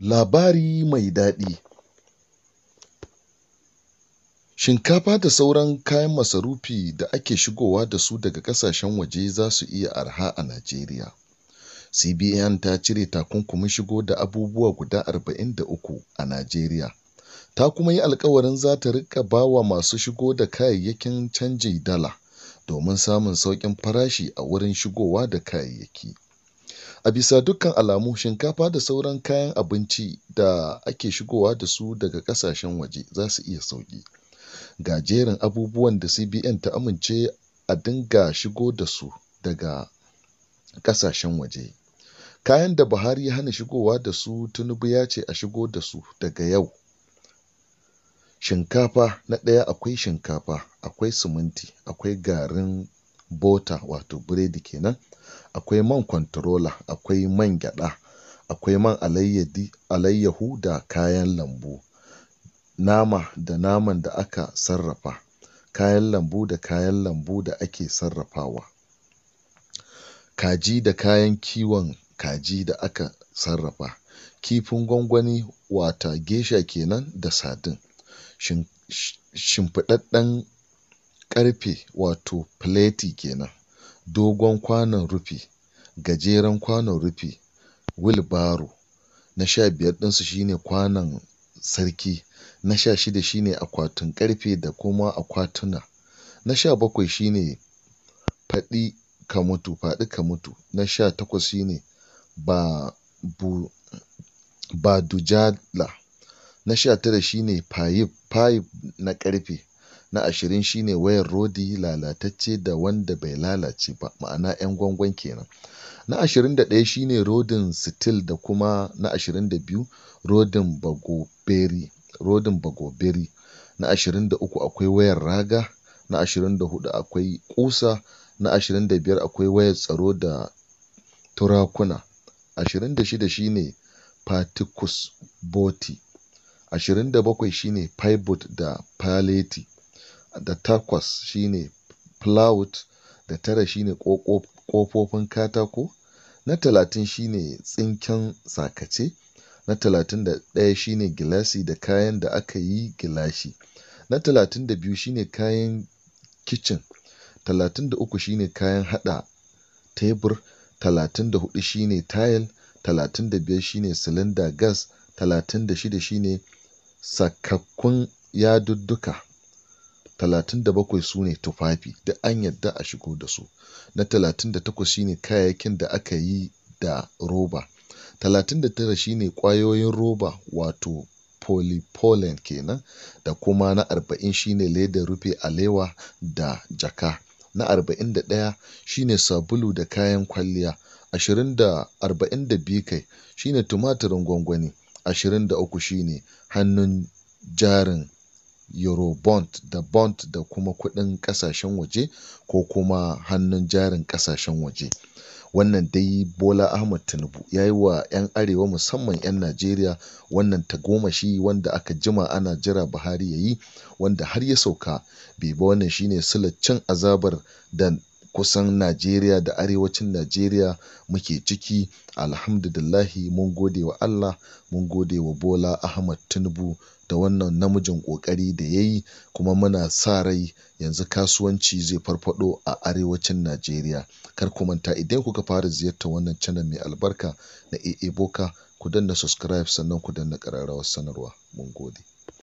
Labari mai daɗi Shinkafa da sauran kayan masarufi da ake shigowa da su daga ƙasashen waje za su iya arha a Najeriya. CBN ta cire takunkumin shigo da abubuwa guda 43 a Najeriya, ta kuma yi alkawarin za ta riƙa bawa masu shigo da kayayyakin canji dala domin samun sauƙin farashi a wurin shigowa da kayayyaki. A bisa dukkan alamu shinkafa da sauran kayan abinci da ake shigowa da su daga kasashen waje za su iya sauƙi. Ga jerin abubuwan da CBN ta amince a dinga shigo da su daga ƙasashen waje. Kayan da Buhari ya hana shigowa da su Tinubu ya ce a shigo da su daga yau. Shinkafa na ɗaya akwai shinkafa, akwai siminti, akwai garin bota wato biredi kenan, akwai man kwantarola, akwai man gyaɗa, akwai man alayyahu da kayan lambu, nama da naman da aka sarrafa, kayan lambu da kayan lambu da ake sarrafawa, kaji da kayan kiwon kaji da aka sarrafa, kifin gwangwani wata gesha kenan da sadin, shimfiɗaɗɗen ƙarfe wato fileti kenan, dogon kwanon rufi, gajeren kwanon rufi, wheelbarrow. Na sha biyar ɗinsu shine kwanon sarki. Na sha shida shine akwatin ƙarfe da kuma akwatuna. Na sha bakwai shine faɗi ka mutu, faɗi ka mutu. Na sha takwas shine ba bu badujala. Na sha tara shine fayif, fayif na ƙarfe. Na ashirin shine wayar rodi lalatacce da wanda bai lalace ba ma'ana 'yan gwangwan kenan. Na ashirin da ɗaya shine rodin sitil da kuma na ashirin da biyu rodin bagoberi, rodin bagoberi. Na ashirin da uku akwai wayar raga, na ashirin da hudu akwai ƙusa, na ashirin da biyar akwai wayar tsaro da turakuna. Ashirin da shida shine patikus boti. Ashirin da bakwai shine pivot da Paleti. da takwas shine plywood da tara shine ƙofofin katako na talatin shine tsinken sakace na talatin da ɗaya shine gilashi da kayan da aka yi gilashi na talatin da biyu shine kayan kicin talatin da uku shine kayan haɗa tebur talatin da huɗu shine tayil talatin da biyar shine silinda gas talatin da shida shine sakakkun yadudduka talatin da bakwai su ne tufafi da an yadda a shigo da su na talatin da takwas shine kayayyakin da aka yi da roba talatin da tara shine ƙwayoyin roba wato polypollen kenan da kuma na arba'in shine ledar rufe alewa da jaka na arba'in da ɗaya shine sabulu da kayan kwalliya ashirin da arba'in da biyu kai shine tumatirin gwangwani ashirin da uku shine hannun jarin Eurobond da bond da kuma kudin kasashen waje ko kuma hannun jarin kasashen waje. Wannan dai Bola ahmad Tinubu ya yi wa 'yan Arewa musamman 'yan Najeriya wannan tagomashi wanda aka jima ana jira Buhari ya yi, wanda har ya sauka. Bai ba wannan shine sulaccin azabar da kusan Najeriya da arewacin Najeriya muke ciki. Alhamdulillahi mun gode wa Allah, mun gode wa Bola Ahmad Tinubu da wannan namijin ƙoƙari da ya yi kuma muna sa rai yanzu kasuwanci zai farfado a arewacin Najeriya. Kar ku manta idan kuka fara ziyarta wannan channel mai albarka na EA Boka ku danna subscribe sannan ku danna ƙararrawar sanarwa. Mun gode.